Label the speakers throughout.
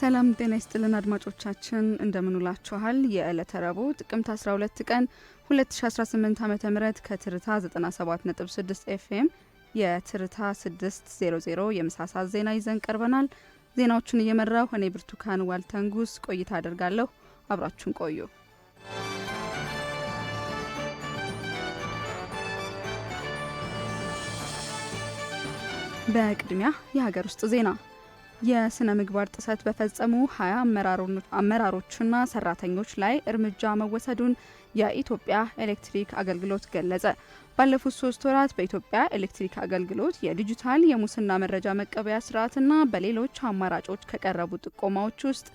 Speaker 1: ሰላም ጤና ይስጥልን አድማጮቻችን፣ እንደምንውላችኋል። የዕለተ ረቡዕ ጥቅምት 12 ቀን 2018 ዓ ም ከትርታ 97.6 ኤፍኤም የትርታ 600 የምሳሳ ዜና ይዘን ቀርበናል። ዜናዎቹን እየመራው እኔ ብርቱካን ዋልተንጉስ ቆይታ አደርጋለሁ። አብራችሁን ቆዩ። በቅድሚያ የሀገር ውስጥ ዜና የስነ ምግባር ጥሰት በፈጸሙ ሀያ አመራሮችና ሰራተኞች ላይ እርምጃ መወሰዱን የኢትዮጵያ ኤሌክትሪክ አገልግሎት ገለጸ። ባለፉት ሶስት ወራት በኢትዮጵያ ኤሌክትሪክ አገልግሎት የዲጂታል የሙስና መረጃ መቀበያ ስርዓትና በሌሎች አማራጮች ከቀረቡ ጥቆማዎች ውስጥ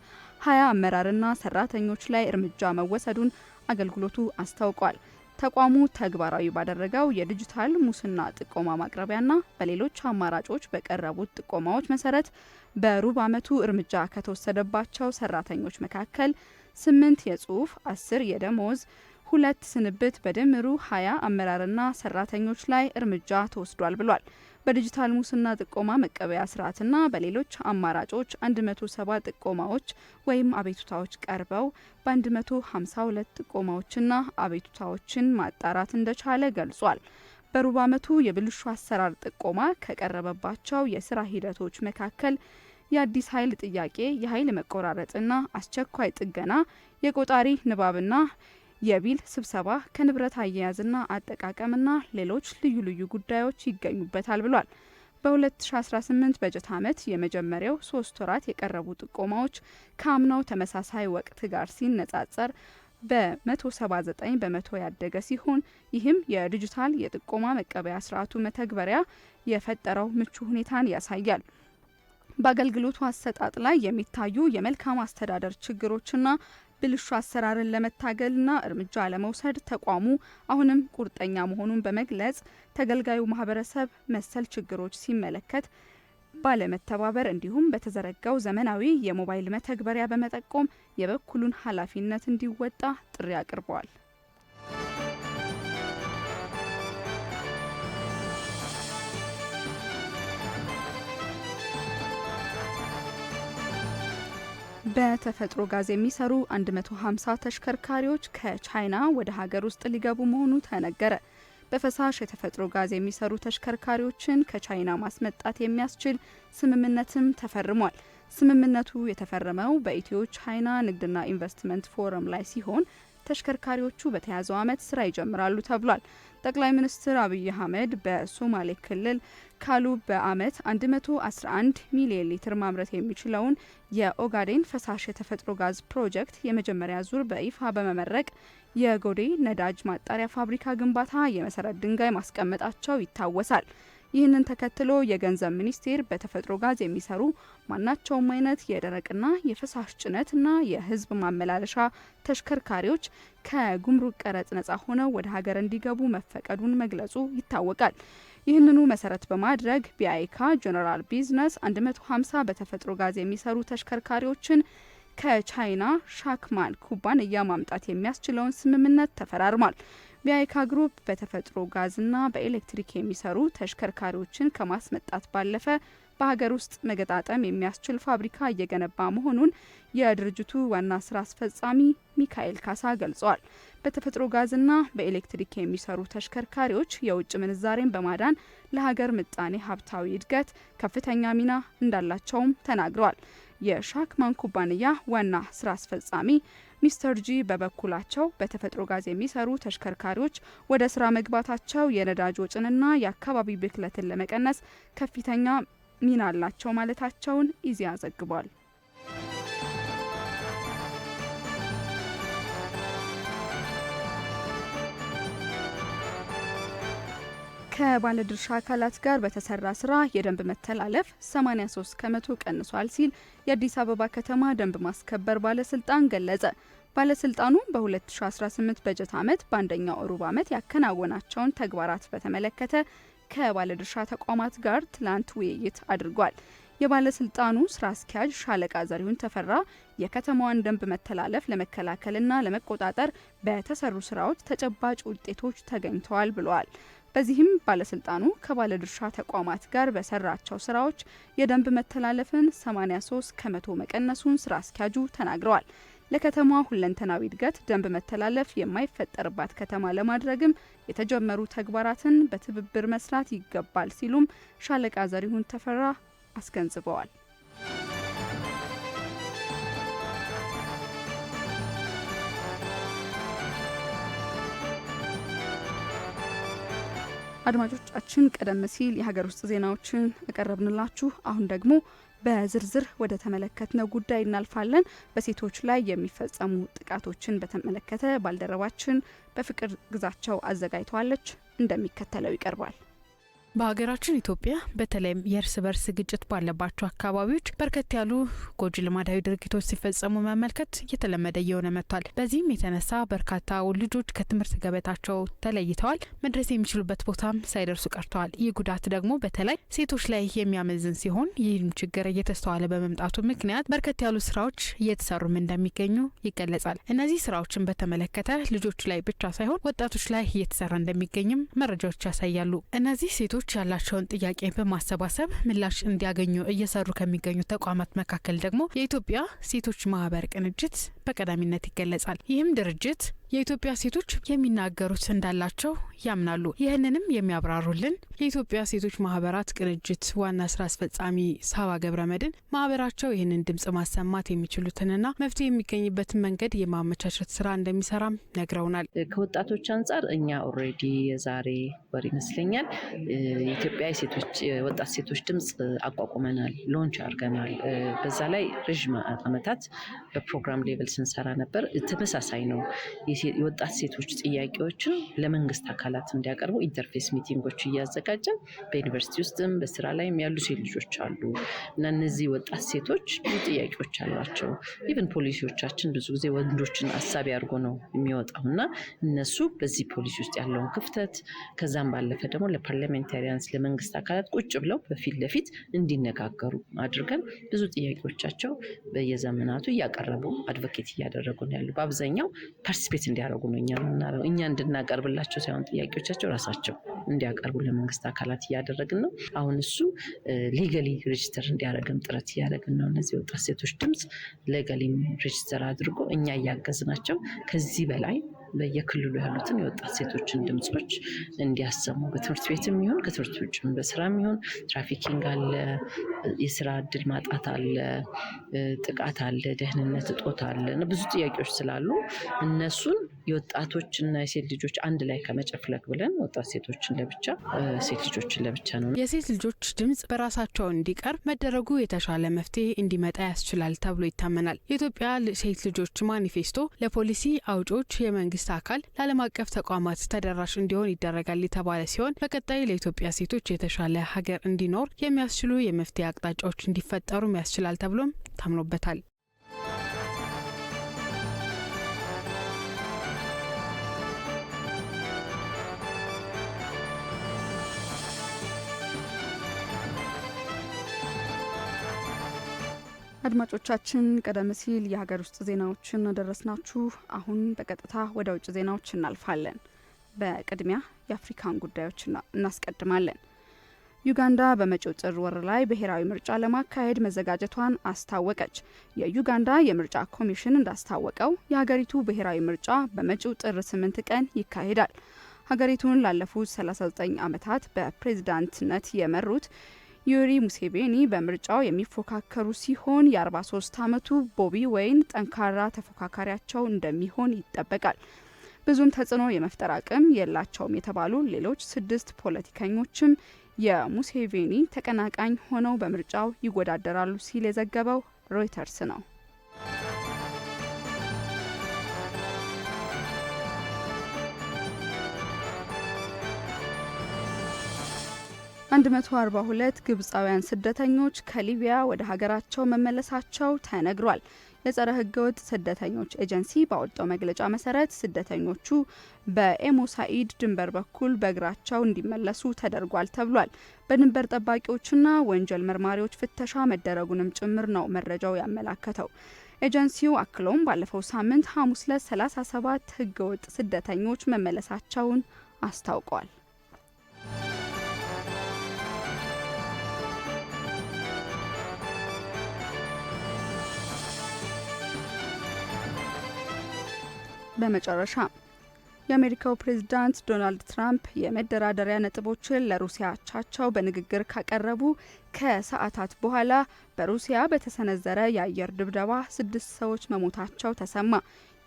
Speaker 1: ሀያ አመራርና ሰራተኞች ላይ እርምጃ መወሰዱን አገልግሎቱ አስታውቋል። ተቋሙ ተግባራዊ ባደረገው የዲጂታል ሙስና ጥቆማ ማቅረቢያና በሌሎች አማራጮች በቀረቡት ጥቆማዎች መሰረት በሩብ ዓመቱ እርምጃ ከተወሰደባቸው ሰራተኞች መካከል ስምንት የጽሁፍ፣ አስር የደሞዝ፣ ሁለት ስንብት በድምሩ ሀያ አመራርና ሰራተኞች ላይ እርምጃ ተወስዷል ብሏል። በዲጂታል ሙስና ጥቆማ መቀበያ ስርዓትና በሌሎች አማራጮች 170 ጥቆማዎች ወይም አቤቱታዎች ቀርበው በ152 ጥቆማዎችና አቤቱታዎችን ማጣራት እንደቻለ ገልጿል። በሩብ ዓመቱ የብልሹ አሰራር ጥቆማ ከቀረበባቸው የስራ ሂደቶች መካከል የአዲስ ኃይል ጥያቄ፣ የኃይል መቆራረጥና አስቸኳይ ጥገና፣ የቆጣሪ ንባብና የቢል ስብሰባ ከንብረት አያያዝና አጠቃቀምና ሌሎች ልዩ ልዩ ጉዳዮች ይገኙበታል ብሏል። በ2018 በጀት ዓመት የመጀመሪያው ሶስት ወራት የቀረቡ ጥቆማዎች ከአምናው ተመሳሳይ ወቅት ጋር ሲነጻጸር በ179 በመቶ ያደገ ሲሆን ይህም የዲጂታል የጥቆማ መቀበያ ስርዓቱ መተግበሪያ የፈጠረው ምቹ ሁኔታን ያሳያል። በአገልግሎቱ አሰጣጥ ላይ የሚታዩ የመልካም አስተዳደር ችግሮችና ብልሹ አሰራርን ለመታገልና እርምጃ ለመውሰድ ተቋሙ አሁንም ቁርጠኛ መሆኑን በመግለጽ ተገልጋዩ ማህበረሰብ መሰል ችግሮች ሲመለከት ባለመተባበር እንዲሁም በተዘረጋው ዘመናዊ የሞባይል መተግበሪያ በመጠቆም የበኩሉን ኃላፊነት እንዲወጣ ጥሪ አቅርበዋል። በተፈጥሮ ጋዝ የሚሰሩ 150 ተሽከርካሪዎች ከቻይና ወደ ሀገር ውስጥ ሊገቡ መሆኑ ተነገረ። በፈሳሽ የተፈጥሮ ጋዝ የሚሰሩ ተሽከርካሪዎችን ከቻይና ማስመጣት የሚያስችል ስምምነትም ተፈርሟል። ስምምነቱ የተፈረመው በኢትዮ ቻይና ንግድና ኢንቨስትመንት ፎረም ላይ ሲሆን ተሽከርካሪዎቹ በተያዘው ዓመት ስራ ይጀምራሉ ተብሏል። ጠቅላይ ሚኒስትር አብይ አህመድ በሶማሌ ክልል ካሉ በዓመት 111 ሚሊዮን ሊትር ማምረት የሚችለውን የኦጋዴን ፈሳሽ የተፈጥሮ ጋዝ ፕሮጀክት የመጀመሪያ ዙር በይፋ በመመረቅ የጎዴ ነዳጅ ማጣሪያ ፋብሪካ ግንባታ የመሰረት ድንጋይ ማስቀመጣቸው ይታወሳል። ይህንን ተከትሎ የገንዘብ ሚኒስቴር በተፈጥሮ ጋዝ የሚሰሩ ማናቸውም አይነት የደረቅና የፈሳሽ ጭነትና የህዝብ ማመላለሻ ተሽከርካሪዎች ከጉምሩክ ቀረጥ ነጻ ሆነው ወደ ሀገር እንዲገቡ መፈቀዱን መግለጹ ይታወቃል። ይህንኑ መሰረት በማድረግ ቢአይካ ጀነራል ቢዝነስ 150 በተፈጥሮ ጋዝ የሚሰሩ ተሽከርካሪዎችን ከቻይና ሻክማን ኩባንያ ማምጣት የሚያስችለውን ስምምነት ተፈራርሟል። ቢአይካ ግሩፕ በተፈጥሮ ጋዝና በኤሌክትሪክ የሚሰሩ ተሽከርካሪዎችን ከማስመጣት ባለፈ በሀገር ውስጥ መገጣጠም የሚያስችል ፋብሪካ እየገነባ መሆኑን የድርጅቱ ዋና ስራ አስፈጻሚ ሚካኤል ካሳ ገልጿል። በተፈጥሮ ጋዝና በኤሌክትሪክ የሚሰሩ ተሽከርካሪዎች የውጭ ምንዛሬን በማዳን ለሀገር ምጣኔ ሀብታዊ እድገት ከፍተኛ ሚና እንዳላቸውም ተናግረዋል። የሻክማን ኩባንያ ዋና ስራ አስፈጻሚ ሚስተር ጂ በበኩላቸው በተፈጥሮ ጋዝ የሚሰሩ ተሽከርካሪዎች ወደ ስራ መግባታቸው የነዳጅ ወጭንና የአካባቢ ብክለትን ለመቀነስ ከፍተኛ ሚና አላቸው ማለታቸውን ኢዜአ ዘግቧል። ከባለድርሻ አካላት ጋር በተሰራ ስራ የደንብ መተላለፍ 83 ከመቶ ቀንሷል ሲል የአዲስ አበባ ከተማ ደንብ ማስከበር ባለስልጣን ገለጸ። ባለስልጣኑ በ2018 በጀት ዓመት በአንደኛው ሩብ ዓመት ያከናወናቸውን ተግባራት በተመለከተ ከባለድርሻ ተቋማት ጋር ትላንት ውይይት አድርጓል። የባለስልጣኑ ስራ አስኪያጅ ሻለቃ ዘሪሁን ተፈራ የከተማዋን ደንብ መተላለፍ ለመከላከልና ለመቆጣጠር በተሰሩ ስራዎች ተጨባጭ ውጤቶች ተገኝተዋል ብለዋል። በዚህም ባለስልጣኑ ከባለድርሻ ተቋማት ጋር በሰራቸው ስራዎች የደንብ መተላለፍን 83 ከመቶ መቀነሱን ስራ አስኪያጁ ተናግረዋል። ለከተማ ሁለንተናዊ እድገት ደንብ መተላለፍ የማይፈጠርባት ከተማ ለማድረግም የተጀመሩ ተግባራትን በትብብር መስራት ይገባል ሲሉም ሻለቃ ዘሪሁን ተፈራ አስገንዝበዋል። አድማጮቻችን ቀደም ሲል የሀገር ውስጥ ዜናዎችን ያቀረብንላችሁ፣ አሁን ደግሞ በዝርዝር ወደ ተመለከትነው ጉዳይ እናልፋለን። በሴቶች ላይ የሚፈጸሙ ጥቃቶችን በተመለከተ ባልደረባችን በፍቅር ግዛቸው አዘጋጅተዋለች፣ እንደሚከተለው ይቀርባል። በሀገራችን ኢትዮጵያ በተለይም የእርስ በርስ ግጭት ባለባቸው አካባቢዎች በርከት ያሉ ጎጂ ልማዳዊ ድርጊቶች ሲፈጸሙ መመልከት እየተለመደ እየሆነ መጥቷል። በዚህም የተነሳ በርካታ ልጆች ከትምህርት ገበታቸው ተለይተዋል፣ መድረስ የሚችሉበት ቦታም ሳይደርሱ ቀርተዋል። ይህ ጉዳት ደግሞ በተለይ ሴቶች ላይ የሚያመዝን ሲሆን ይህም ችግር እየተስተዋለ በመምጣቱ ምክንያት በርከት ያሉ ስራዎች እየተሰሩም እንደሚገኙ ይገለጻል። እነዚህ ስራዎችን በተመለከተ ልጆች ላይ ብቻ ሳይሆን ወጣቶች ላይ እየተሰራ እንደሚገኝም መረጃዎች ያሳያሉ። እነዚህ ሴቶች ነዋሪዎች ያላቸውን ጥያቄ በማሰባሰብ ምላሽ እንዲያገኙ እየሰሩ ከሚገኙ ተቋማት መካከል ደግሞ የኢትዮጵያ ሴቶች ማህበር ቅንጅት በቀዳሚነት ይገለጻል። ይህም ድርጅት የኢትዮጵያ ሴቶች የሚናገሩት እንዳላቸው ያምናሉ። ይህንንም የሚያብራሩልን የኢትዮጵያ ሴቶች ማህበራት ቅንጅት ዋና ስራ አስፈጻሚ ሳባ ገብረ መድን ማህበራቸው ይህንን ድምጽ ማሰማት የሚችሉትንና መፍትሄ የሚገኝበትን መንገድ የማመቻቸት ስራ እንደሚሰራም ነግረውናል።
Speaker 2: ከወጣቶች አንጻር እኛ ኦልሬዲ የዛሬ ወር ይመስለኛል የኢትዮጵያ የወጣት ሴቶች ድምጽ አቋቁመናል፣ ሎንች አድርገናል። በዛ ላይ ረዥም አመታት በፕሮግራም ሌቨል ስንሰራ ነበር። ተመሳሳይ ነው። የወጣት ሴቶች ጥያቄዎችን ለመንግስት አካላት እንዲያቀርቡ ኢንተርፌስ ሚቲንጎች እያዘጋጀን በዩኒቨርሲቲ ውስጥም በስራ ላይም ያሉ ሴት ልጆች አሉ እና እነዚህ ወጣት ሴቶች ብዙ ጥያቄዎች አሏቸው። ኢቨን ፖሊሲዎቻችን ብዙ ጊዜ ወንዶችን አሳቢ አድርጎ ነው የሚወጣው እና እነሱ በዚህ ፖሊሲ ውስጥ ያለውን ክፍተት ከዛም ባለፈ ደግሞ ለፓርላሜንታሪያንስ ለመንግስት አካላት ቁጭ ብለው በፊት ለፊት እንዲነጋገሩ አድርገን ብዙ ጥያቄዎቻቸው በየዘመናቱ እያቀረቡ አድቮኬት ፓርቲስፔት እያደረጉ ነው ያሉ። በአብዛኛው ፓርቲስፔት እንዲያደርጉ ነው እኛ ምናረው እኛ እንድናቀርብላቸው ሳይሆን ጥያቄዎቻቸው ራሳቸው እንዲያቀርቡ ለመንግስት አካላት እያደረግን ነው። አሁን እሱ ሌገሊ ሬጅስተር እንዲያደረግም ጥረት እያደረግን ነው። እነዚህ ወጣት ሴቶች ድምፅ ሌገሊ ሬጅስተር አድርጎ እኛ እያገዝናቸው ከዚህ በላይ በየክልሉ ያሉትን የወጣት ሴቶችን ድምፆች እንዲያሰሙ በትምህርት ቤትም ይሁን ከትምህርት ውጭም በስራም ይሁን ትራፊኪንግ አለ፣ የስራ እድል ማጣት አለ፣ ጥቃት አለ፣ ደህንነት እጦት አለ እና ብዙ ጥያቄዎች ስላሉ እነሱን የወጣቶችና የሴት ልጆች አንድ ላይ ከመጨፍለቅ ብለን ወጣት ሴቶችን ለብቻ፣ ሴት ልጆችን ለብቻ ነው። የሴት ልጆች ድምጽ በራሳቸው እንዲቀርብ መደረጉ የተሻለ መፍትሄ እንዲመጣ ያስችላል ተብሎ ይታመናል። የኢትዮጵያ ሴት ልጆች ማኒፌስቶ ለፖሊሲ አውጮች፣ የመንግስት አካል፣ ለዓለም አቀፍ ተቋማት ተደራሽ እንዲሆን ይደረጋል የተባለ ሲሆን በቀጣይ ለኢትዮጵያ ሴቶች የተሻለ ሀገር እንዲኖር የሚያስችሉ የመፍትሄ አቅጣጫዎች እንዲፈጠሩም ያስችላል ተብሎም ታምኖበታል።
Speaker 1: አድማጮቻችን ቀደም ሲል የሀገር ውስጥ ዜናዎችን ደረስናችሁ። አሁን በቀጥታ ወደ ውጭ ዜናዎች እናልፋለን። በቅድሚያ የአፍሪካን ጉዳዮች እናስቀድማለን። ዩጋንዳ በመጪው ጥር ወር ላይ ብሔራዊ ምርጫ ለማካሄድ መዘጋጀቷን አስታወቀች። የዩጋንዳ የምርጫ ኮሚሽን እንዳስታወቀው የሀገሪቱ ብሔራዊ ምርጫ በመጪው ጥር ስምንት ቀን ይካሄዳል። ሀገሪቱን ላለፉት 39 ዓመታት በፕሬዝዳንትነት የመሩት ዩሪ ሙሴቬኒ በምርጫው የሚፎካከሩ ሲሆን የ43 ዓመቱ ቦቢ ወይን ጠንካራ ተፎካካሪያቸው እንደሚሆን ይጠበቃል። ብዙም ተጽዕኖ የመፍጠር አቅም የላቸውም የተባሉ ሌሎች ስድስት ፖለቲከኞችም የሙሴቬኒ ተቀናቃኝ ሆነው በምርጫው ይወዳደራሉ ሲል የዘገበው ሮይተርስ ነው። 142 ግብፃውያን ስደተኞች ከሊቢያ ወደ ሀገራቸው መመለሳቸው ተነግሯል። የጸረ ህገወጥ ስደተኞች ኤጀንሲ ባወጣው መግለጫ መሰረት ስደተኞቹ በኤሞሳኢድ ድንበር በኩል በእግራቸው እንዲመለሱ ተደርጓል ተብሏል። በድንበር ጠባቂዎችና ወንጀል መርማሪዎች ፍተሻ መደረጉንም ጭምር ነው መረጃው ያመላከተው። ኤጀንሲው አክሎም ባለፈው ሳምንት ሐሙስ ለ 37 ህገወጥ ስደተኞች መመለሳቸውን አስታውቋል። በመጨረሻ የአሜሪካው ፕሬዝዳንት ዶናልድ ትራምፕ የመደራደሪያ ነጥቦችን ለሩሲያ አቻቸው በንግግር ካቀረቡ ከሰዓታት በኋላ በሩሲያ በተሰነዘረ የአየር ድብደባ ስድስት ሰዎች መሞታቸው ተሰማ።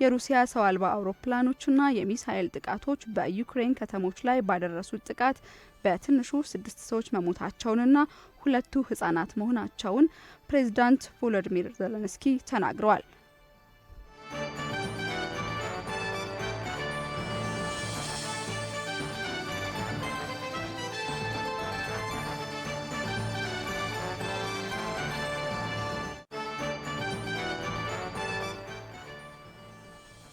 Speaker 1: የሩሲያ ሰው አልባ አውሮፕላኖችና የሚሳኤል ጥቃቶች በዩክሬን ከተሞች ላይ ባደረሱት ጥቃት በትንሹ ስድስት ሰዎች መሞታቸውንና ሁለቱ ህጻናት መሆናቸውን ፕሬዝዳንት ቮሎዲሚር ዘለንስኪ ተናግረዋል።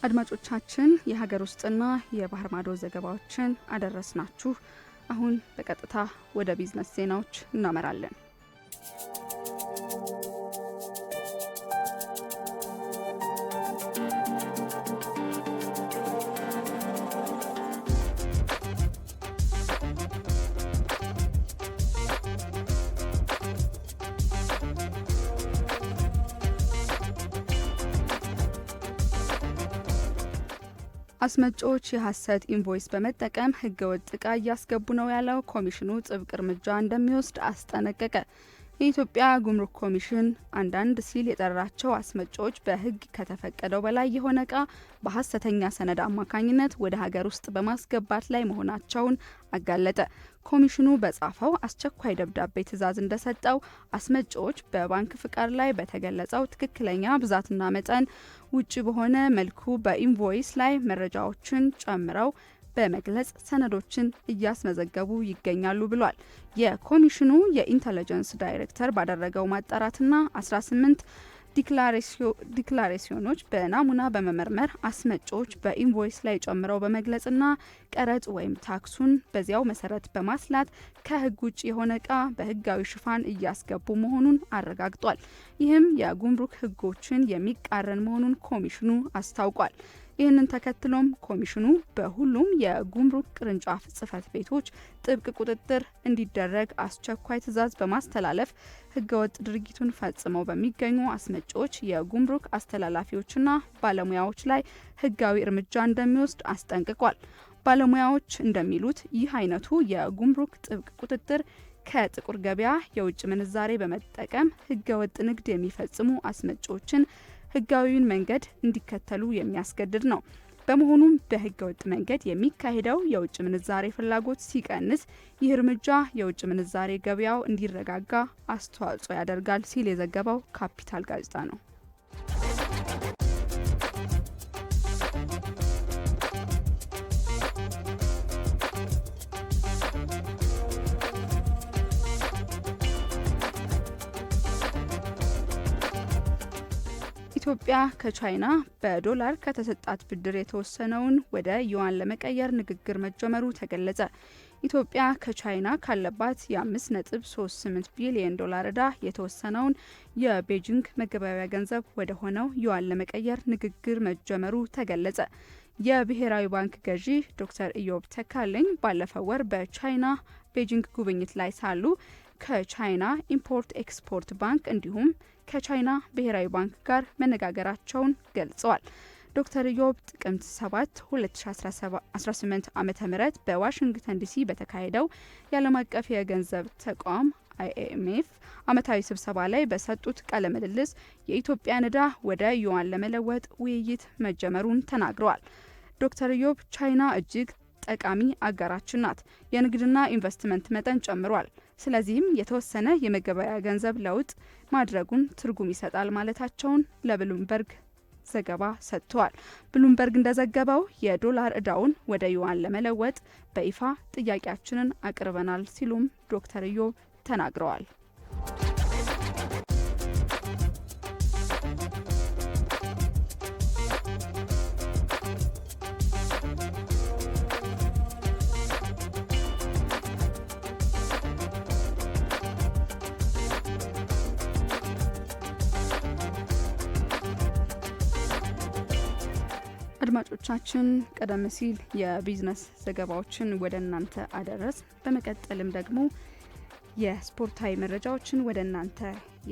Speaker 1: አድማጮቻችን የሀገር ውስጥና የባህር ማዶ ዘገባዎችን አደረስናችሁ። አሁን በቀጥታ ወደ ቢዝነስ ዜናዎች እናመራለን። አስመጪዎች የሀሰት ኢንቮይስ በመጠቀም ህገወጥ እቃ እያስገቡ ነው ያለው ኮሚሽኑ ጥብቅ እርምጃ እንደሚወስድ አስጠነቀቀ። የኢትዮጵያ ጉምሩክ ኮሚሽን አንዳንድ ሲል የጠራቸው አስመጪዎች በህግ ከተፈቀደው በላይ የሆነ እቃ በሀሰተኛ ሰነድ አማካኝነት ወደ ሀገር ውስጥ በማስገባት ላይ መሆናቸውን አጋለጠ። ኮሚሽኑ በጻፈው አስቸኳይ ደብዳቤ ትዕዛዝ እንደሰጠው አስመጪዎች በባንክ ፍቃድ ላይ በተገለጸው ትክክለኛ ብዛትና መጠን ውጭ በሆነ መልኩ በኢንቮይስ ላይ መረጃዎችን ጨምረው በመግለጽ ሰነዶችን እያስመዘገቡ ይገኛሉ ብሏል። የኮሚሽኑ የኢንተለጀንስ ዳይሬክተር ባደረገው ማጣራትና 18 ዲክላሬሽኖች በናሙና በመመርመር አስመጪዎች በኢንቮይስ ላይ ጨምረው በመግለጽና ቀረጽ ወይም ታክሱን በዚያው መሰረት በማስላት ከህግ ውጭ የሆነ እቃ በህጋዊ ሽፋን እያስገቡ መሆኑን አረጋግጧል። ይህም የጉምሩክ ህጎችን የሚቃረን መሆኑን ኮሚሽኑ አስታውቋል። ይህንን ተከትሎም ኮሚሽኑ በሁሉም የጉምሩክ ቅርንጫፍ ጽህፈት ቤቶች ጥብቅ ቁጥጥር እንዲደረግ አስቸኳይ ትዕዛዝ በማስተላለፍ ህገወጥ ድርጊቱን ፈጽመው በሚገኙ አስመጪዎች፣ የጉምሩክ አስተላላፊዎችና ባለሙያዎች ላይ ህጋዊ እርምጃ እንደሚወስድ አስጠንቅቋል። ባለሙያዎች እንደሚሉት ይህ አይነቱ የጉምሩክ ጥብቅ ቁጥጥር ከጥቁር ገበያ የውጭ ምንዛሬ በመጠቀም ህገወጥ ንግድ የሚፈጽሙ አስመጪዎችን ህጋዊውን መንገድ እንዲከተሉ የሚያስገድድ ነው። በመሆኑም በህገወጥ መንገድ የሚካሄደው የውጭ ምንዛሬ ፍላጎት ሲቀንስ፣ ይህ እርምጃ የውጭ ምንዛሬ ገበያው እንዲረጋጋ አስተዋጽኦ ያደርጋል ሲል የዘገበው ካፒታል ጋዜጣ ነው። ኢትዮጵያ ከቻይና በዶላር ከተሰጣት ብድር የተወሰነውን ወደ ዩዋን ለመቀየር ንግግር መጀመሩ ተገለጸ። ኢትዮጵያ ከቻይና ካለባት የ5.38 ቢሊዮን ዶላር ዕዳ የተወሰነውን የቤጂንግ መገበያያ ገንዘብ ወደ ሆነው ዩዋን ለመቀየር ንግግር መጀመሩ ተገለጸ። የብሔራዊ ባንክ ገዢ ዶክተር ኢዮብ ተካልኝ ባለፈው ወር በቻይና ቤጂንግ ጉብኝት ላይ ሳሉ ከቻይና ኢምፖርት ኤክስፖርት ባንክ እንዲሁም ከቻይና ብሔራዊ ባንክ ጋር መነጋገራቸውን ገልጸዋል። ዶክተር ዮብ ጥቅምት 7 2018 ዓ ም በዋሽንግተን ዲሲ በተካሄደው የዓለም አቀፍ የገንዘብ ተቋም አይኤምኤፍ ዓመታዊ ስብሰባ ላይ በሰጡት ቃለ ምልልስ የኢትዮጵያን ዕዳ ወደ ዩዋን ለመለወጥ ውይይት መጀመሩን ተናግረዋል። ዶክተር ዮብ ቻይና እጅግ ጠቃሚ አጋራችን ናት፣ የንግድና ኢንቨስትመንት መጠን ጨምሯል፣ ስለዚህም የተወሰነ የመገበያ ገንዘብ ለውጥ ማድረጉን ትርጉም ይሰጣል ማለታቸውን ለብሉምበርግ ዘገባ ሰጥተዋል። ብሉምበርግ እንደዘገበው የዶላር እዳውን ወደ ዩዋን ለመለወጥ በይፋ ጥያቄያችንን አቅርበናል ሲሉም ዶክተር ኢዮብ ተናግረዋል። አድማጮቻችን ቀደም ሲል የቢዝነስ ዘገባዎችን ወደ እናንተ አደረስ። በመቀጠልም ደግሞ የስፖርታዊ መረጃዎችን ወደ እናንተ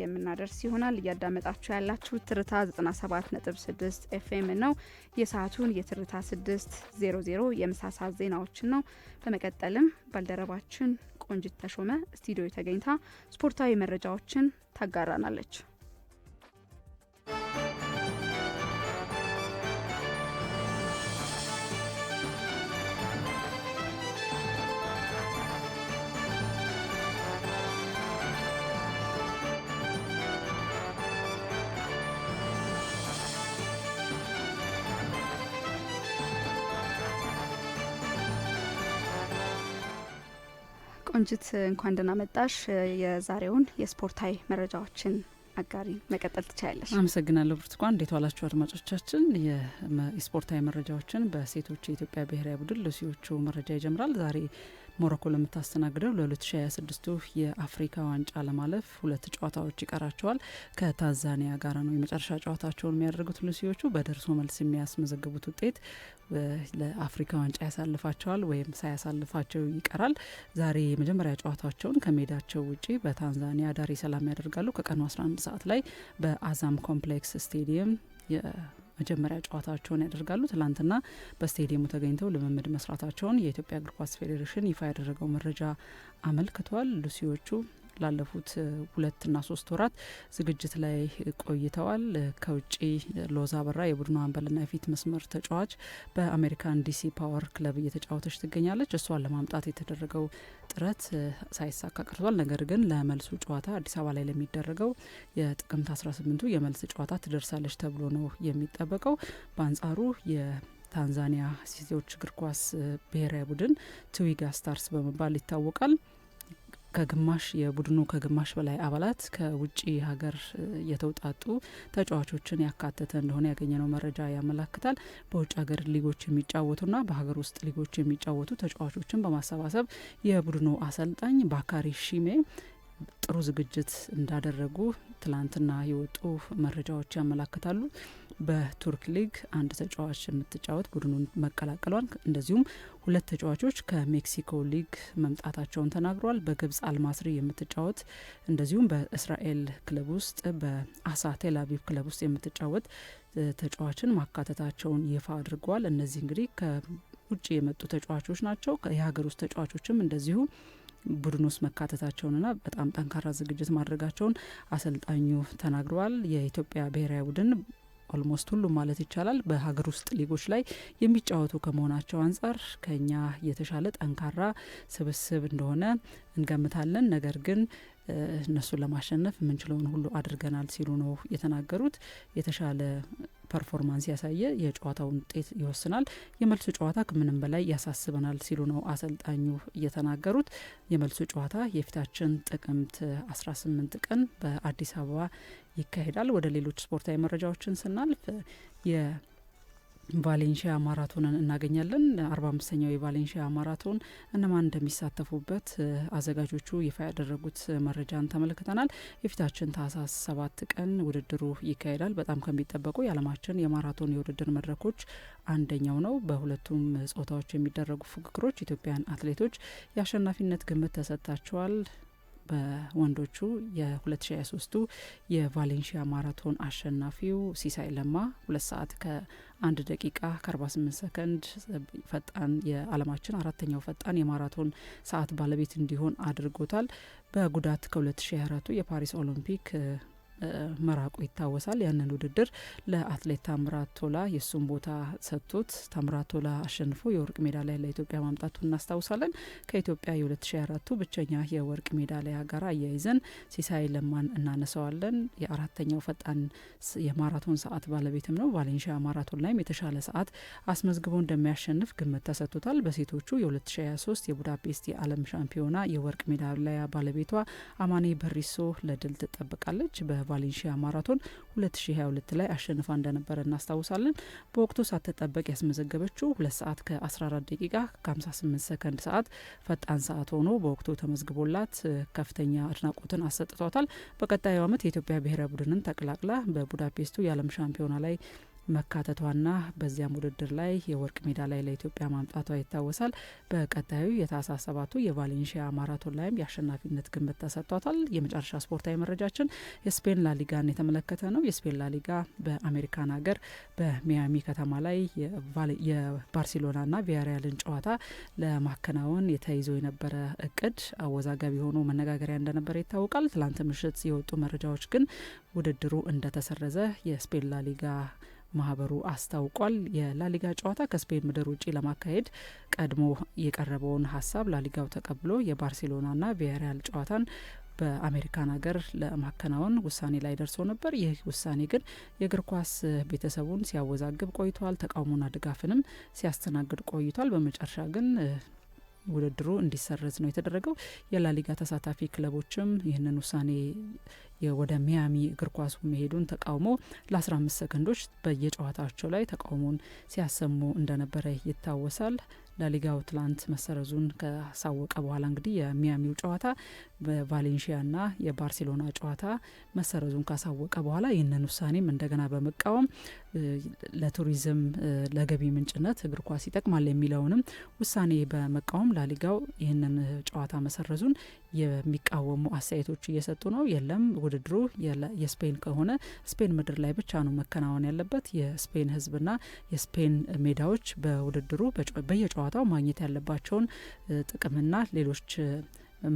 Speaker 1: የምናደርስ ይሆናል። እያዳመጣችሁ ያላችሁ ትርታ 97.6 ኤፍኤም ነው። የሰዓቱን የትርታ 6:00 የምሳ ዜናዎችን ነው። በመቀጠልም ባልደረባችን ቆንጅት ተሾመ ስቱዲዮ ተገኝታ ስፖርታዊ መረጃዎችን ታጋራናለች። ቆንጅት እንኳን ደህና መጣሽ። የዛሬውን የስፖርታዊ መረጃዎችን አጋሪ መቀጠል
Speaker 3: ትችላለሽ። አመሰግናለሁ ብርቱካን። እንዴት ዋላችሁ አድማጮቻችን? የስፖርታዊ መረጃዎችን በሴቶች የኢትዮጵያ ብሔራዊ ቡድን ለሲዎቹ መረጃ ይጀምራል። ዛሬ ሞሮኮ ለምታስተናግደው ለ 2026 የአፍሪካ ዋንጫ ለማለፍ ሁለት ጨዋታዎች ይቀራቸዋል። ከታንዛኒያ ጋር ነው የመጨረሻ ጨዋታቸውን የሚያደርጉት። ሉሲዎቹ በደርሶ መልስ የሚያስመዘግቡት ውጤት ለአፍሪካ ዋንጫ ያሳልፋቸዋል ወይም ሳያሳልፋቸው ይቀራል። ዛሬ የመጀመሪያ ጨዋታቸውን ከሜዳቸው ውጪ በታንዛኒያ ዳሬ ሰላም ያደርጋሉ። ከቀኑ 11 ሰዓት ላይ በአዛም ኮምፕሌክስ ስቴዲየም መጀመሪያ ጨዋታቸውን ያደርጋሉ። ትላንትና በስቴዲየሙ ተገኝተው ልምምድ መስራታቸውን የኢትዮጵያ እግር ኳስ ፌዴሬሽን ይፋ ያደረገው መረጃ አመልክቷል። ሉሲዎቹ ላለፉት ሁለትና ሶስት ወራት ዝግጅት ላይ ቆይተዋል። ከውጭ ሎዛ በራ የቡድኑ አምበልና የፊት መስመር ተጫዋች በአሜሪካን ዲሲ ፓወር ክለብ እየተጫወተች ትገኛለች። እሷን ለማምጣት የተደረገው ጥረት ሳይሳካ ቀርቷል። ነገር ግን ለመልሱ ጨዋታ አዲስ አበባ ላይ ለሚደረገው የጥቅምት 18ቱ የመልስ ጨዋታ ትደርሳለች ተብሎ ነው የሚጠበቀው። በአንጻሩ የ ታንዛኒያ ሴቶች እግር ኳስ ብሔራዊ ቡድን ትዊጋ ስታርስ በመባል ይታወቃል። ከግማሽ የቡድኑ ከግማሽ በላይ አባላት ከውጭ ሀገር የተውጣጡ ተጫዋቾችን ያካተተ እንደሆነ ያገኘነው መረጃ ያመላክታል። በውጭ ሀገር ሊጎች የሚጫወቱና በሀገር ውስጥ ሊጎች የሚጫወቱ ተጫዋቾችን በማሰባሰብ የቡድኑ አሰልጣኝ ባካሪ ሺሜ ጥሩ ዝግጅት እንዳደረጉ ትላንትና የወጡ መረጃዎች ያመላክታሉ። በቱርክ ሊግ አንድ ተጫዋች የምትጫወት ቡድኑን መቀላቀሏን እንደዚሁም ሁለት ተጫዋቾች ከሜክሲኮ ሊግ መምጣታቸውን ተናግሯል። በግብጽ አልማስሪ የምትጫወት እንደዚሁም በእስራኤል ክለብ ውስጥ በአሳ ቴላቪቭ ክለብ ውስጥ የምትጫወት ተጫዋችን ማካተታቸውን ይፋ አድርገዋል። እነዚህ እንግዲህ ከውጭ የመጡ ተጫዋቾች ናቸው። የሀገር ውስጥ ተጫዋቾችም እንደዚሁ ቡድን ውስጥ መካተታቸውንና በጣም ጠንካራ ዝግጅት ማድረጋቸውን አሰልጣኙ ተናግረዋል። የኢትዮጵያ ብሔራዊ ቡድን ኦልሞስት ሁሉም ማለት ይቻላል በሀገር ውስጥ ሊጎች ላይ የሚጫወቱ ከመሆናቸው አንጻር ከኛ የተሻለ ጠንካራ ስብስብ እንደሆነ እንገምታለን። ነገር ግን እነሱን ለማሸነፍ የምንችለውን ሁሉ አድርገናል ሲሉ ነው የተናገሩት የተሻለ ፐርፎርማንስ ያሳየ የጨዋታውን ውጤት ይወስናል። የመልሱ ጨዋታ ከምንም በላይ ያሳስበናል ሲሉ ነው አሰልጣኙ እየተናገሩት። የመልሱ ጨዋታ የፊታችን ጥቅምት 18 ቀን በአዲስ አበባ ይካሄዳል። ወደ ሌሎች ስፖርታዊ መረጃዎችን ስናልፍ ቫሌንሺያ ማራቶንን እናገኛለን። አርባ አምስተኛው የቫሌንሺያ ማራቶን እነማን እንደሚሳተፉበት አዘጋጆቹ ይፋ ያደረጉት መረጃን ተመልክተናል። የፊታችን ታህሳስ ሰባት ቀን ውድድሩ ይካሄዳል። በጣም ከሚጠበቁ የዓለማችን የማራቶን የውድድር መድረኮች አንደኛው ነው። በሁለቱም ጾታዎች የሚደረጉ ፉክክሮች ኢትዮጵያን አትሌቶች የአሸናፊነት ግምት ተሰጥታቸዋል። በወንዶቹ የ2023ቱ የቫሌንሺያ ማራቶን አሸናፊው ሲሳይ ለማ ሁለት ሰዓት ከአንድ ደቂቃ ከ48 ሰከንድ ፈጣን የዓለማችን አራተኛው ፈጣን የማራቶን ሰዓት ባለቤት እንዲሆን አድርጎታል። በጉዳት ከ2024ቱ የፓሪስ ኦሎምፒክ መራቁ ይታወሳል። ያንን ውድድር ለአትሌት ታምራት ቶላ የእሱን ቦታ ሰጥቶት ታምራት ቶላ አሸንፎ የወርቅ ሜዳሊያ ለኢትዮጵያ ማምጣቱ እናስታውሳለን። ከኢትዮጵያ የ2004ቱ ብቸኛ የወርቅ ሜዳሊያ ጋር አያይዘን ሲሳይ ለማን እናነሳዋለን። የአራተኛው ፈጣን የማራቶን ሰዓት ባለቤትም ነው። ቫሌንሺያ ማራቶን ላይም የተሻለ ሰዓት አስመዝግቦ እንደሚያሸንፍ ግምት ተሰጥቶታል። በሴቶቹ የ2023 የቡዳፔስት የዓለም ሻምፒዮና የወርቅ ሜዳሊያ ባለቤቷ አማኔ በሪሶ ለድል ትጠብቃለች። በቫሌንሺያ ማራቶን 2022 ላይ አሸንፋ እንደነበረ እናስታውሳለን። በወቅቱ ሳትጠበቅ ያስመዘገበችው 2 ሰዓት ከ14 ደቂቃ ከ58 ሰከንድ ሰዓት ፈጣን ሰዓት ሆኖ በወቅቱ ተመዝግቦላት ከፍተኛ አድናቆትን አሰጥቷታል። በቀጣዩ ዓመት የኢትዮጵያ ብሔራዊ ቡድንን ተቀላቅላ በቡዳፔስቱ የዓለም ሻምፒዮና ላይ መካተቷና በዚያም ውድድር ላይ የወርቅ ሜዳሊያ ለኢትዮጵያ ማምጣቷ ይታወሳል። በቀጣዩ የታህሳስ ሰባቱ የቫሌንሺያ ማራቶን ላይም የአሸናፊነት ግምት ተሰጥቷታል። የመጨረሻ ስፖርታዊ መረጃችን የስፔን ላሊጋን የተመለከተ ነው። የስፔን ላሊጋ በአሜሪካን ሀገር በሚያሚ ከተማ ላይ የባርሴሎናና ቪያሪያልን ጨዋታ ለማከናወን የተይዞ የነበረ እቅድ አወዛጋቢ ሆኖ መነጋገሪያ እንደነበረ ይታወቃል። ትላንት ምሽት የወጡ መረጃዎች ግን ውድድሩ እንደተሰረዘ የስፔን ላሊጋ ማህበሩ አስታውቋል። የላሊጋ ጨዋታ ከስፔን ምድር ውጪ ለማካሄድ ቀድሞ የቀረበውን ሀሳብ ላሊጋው ተቀብሎ የባርሴሎናና ቪያሪያል ጨዋታን በአሜሪካን ሀገር ለማከናወን ውሳኔ ላይ ደርሶ ነበር። ይህ ውሳኔ ግን የእግር ኳስ ቤተሰቡን ሲያወዛግብ ቆይቷል። ተቃውሞና ድጋፍንም ሲያስተናግድ ቆይቷል። በመጨረሻ ግን ውድድሩ እንዲሰረዝ ነው የተደረገው። የላሊጋ ተሳታፊ ክለቦችም ይህንን ውሳኔ ወደ ሚያሚ እግር ኳሱ መሄዱን ተቃውሞ ለ15 ሰከንዶች በየጨዋታቸው ላይ ተቃውሞን ሲያሰሙ እንደነበረ ይታወሳል። ላሊጋው ትላንት መሰረዙን ከሳወቀ በኋላ እንግዲህ የሚያሚው ጨዋታ በቫሌንሺያና የባርሴሎና ጨዋታ መሰረዙን ካሳወቀ በኋላ ይህንን ውሳኔም እንደገና በመቃወም ለቱሪዝም ለገቢ ምንጭነት እግር ኳስ ይጠቅማል የሚለውንም ውሳኔ በመቃወም ላሊጋው ይህንን ጨዋታ መሰረዙን የሚቃወሙ አስተያየቶች እየሰጡ ነው። የለም ውድድሩ የስፔን ከሆነ ስፔን ምድር ላይ ብቻ ነው መከናወን ያለበት። የስፔን ሕዝብና የስፔን ሜዳዎች በውድድሩ በየጨዋታው ማግኘት ያለባቸውን ጥቅምና ሌሎች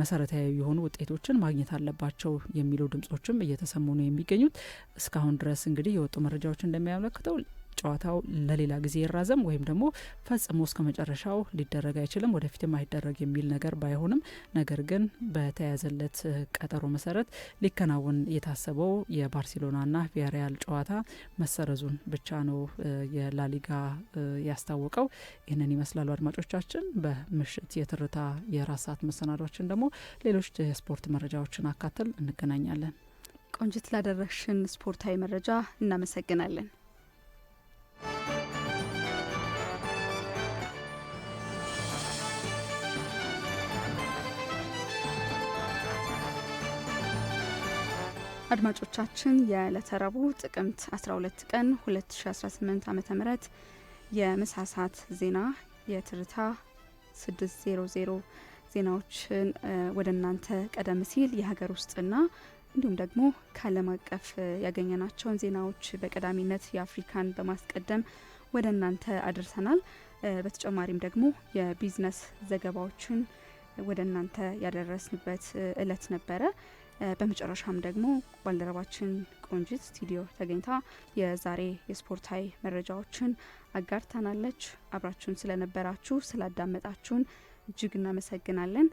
Speaker 3: መሰረታዊ የሆኑ ውጤቶችን ማግኘት አለባቸው የሚሉ ድምጾችም እየተሰሙ ነው የሚገኙት። እስካሁን ድረስ እንግዲህ የወጡ መረጃዎች እንደሚያመለክተው ጨዋታው ለሌላ ጊዜ ይራዘም ወይም ደግሞ ፈጽሞ እስከ መጨረሻው ሊደረግ አይችልም ወደፊትም አይደረግ የሚል ነገር ባይሆንም ነገር ግን በተያዘለት ቀጠሮ መሰረት ሊከናወን የታሰበው የባርሴሎናና ቪያሪያል ጨዋታ መሰረዙን ብቻ ነው የላሊጋ ያስታወቀው። ይህንን ይመስላሉ አድማጮቻችን። በምሽት የትርታ የራስ ሰዓት መሰናዷችን ደግሞ ሌሎች የስፖርት መረጃዎችን አካተል እንገናኛለን። ቆንጅት፣ ላደረሽን ስፖርታዊ መረጃ እናመሰግናለን።
Speaker 1: አድማጮቻችን የዕለተ ረቡዕ ጥቅምት 12 ቀን 2018 ዓ ም የምሳ ሰዓት ዜና የትርታ 600 ዜናዎችን ወደ እናንተ ቀደም ሲል የሀገር ውስጥና እንዲሁም ደግሞ ከዓለም አቀፍ ያገኘናቸውን ዜናዎች በቀዳሚነት የአፍሪካን በማስቀደም ወደ እናንተ አድርሰናል። በተጨማሪም ደግሞ የቢዝነስ ዘገባዎችን ወደ እናንተ ያደረስንበት እለት ነበረ። በመጨረሻም ደግሞ ባልደረባችን ቆንጂት ስቱዲዮ ተገኝታ የዛሬ የስፖርታዊ መረጃዎችን አጋርታናለች። አብራችሁን ስለነበራችሁ ስላዳመጣችሁን እጅግ እናመሰግናለን።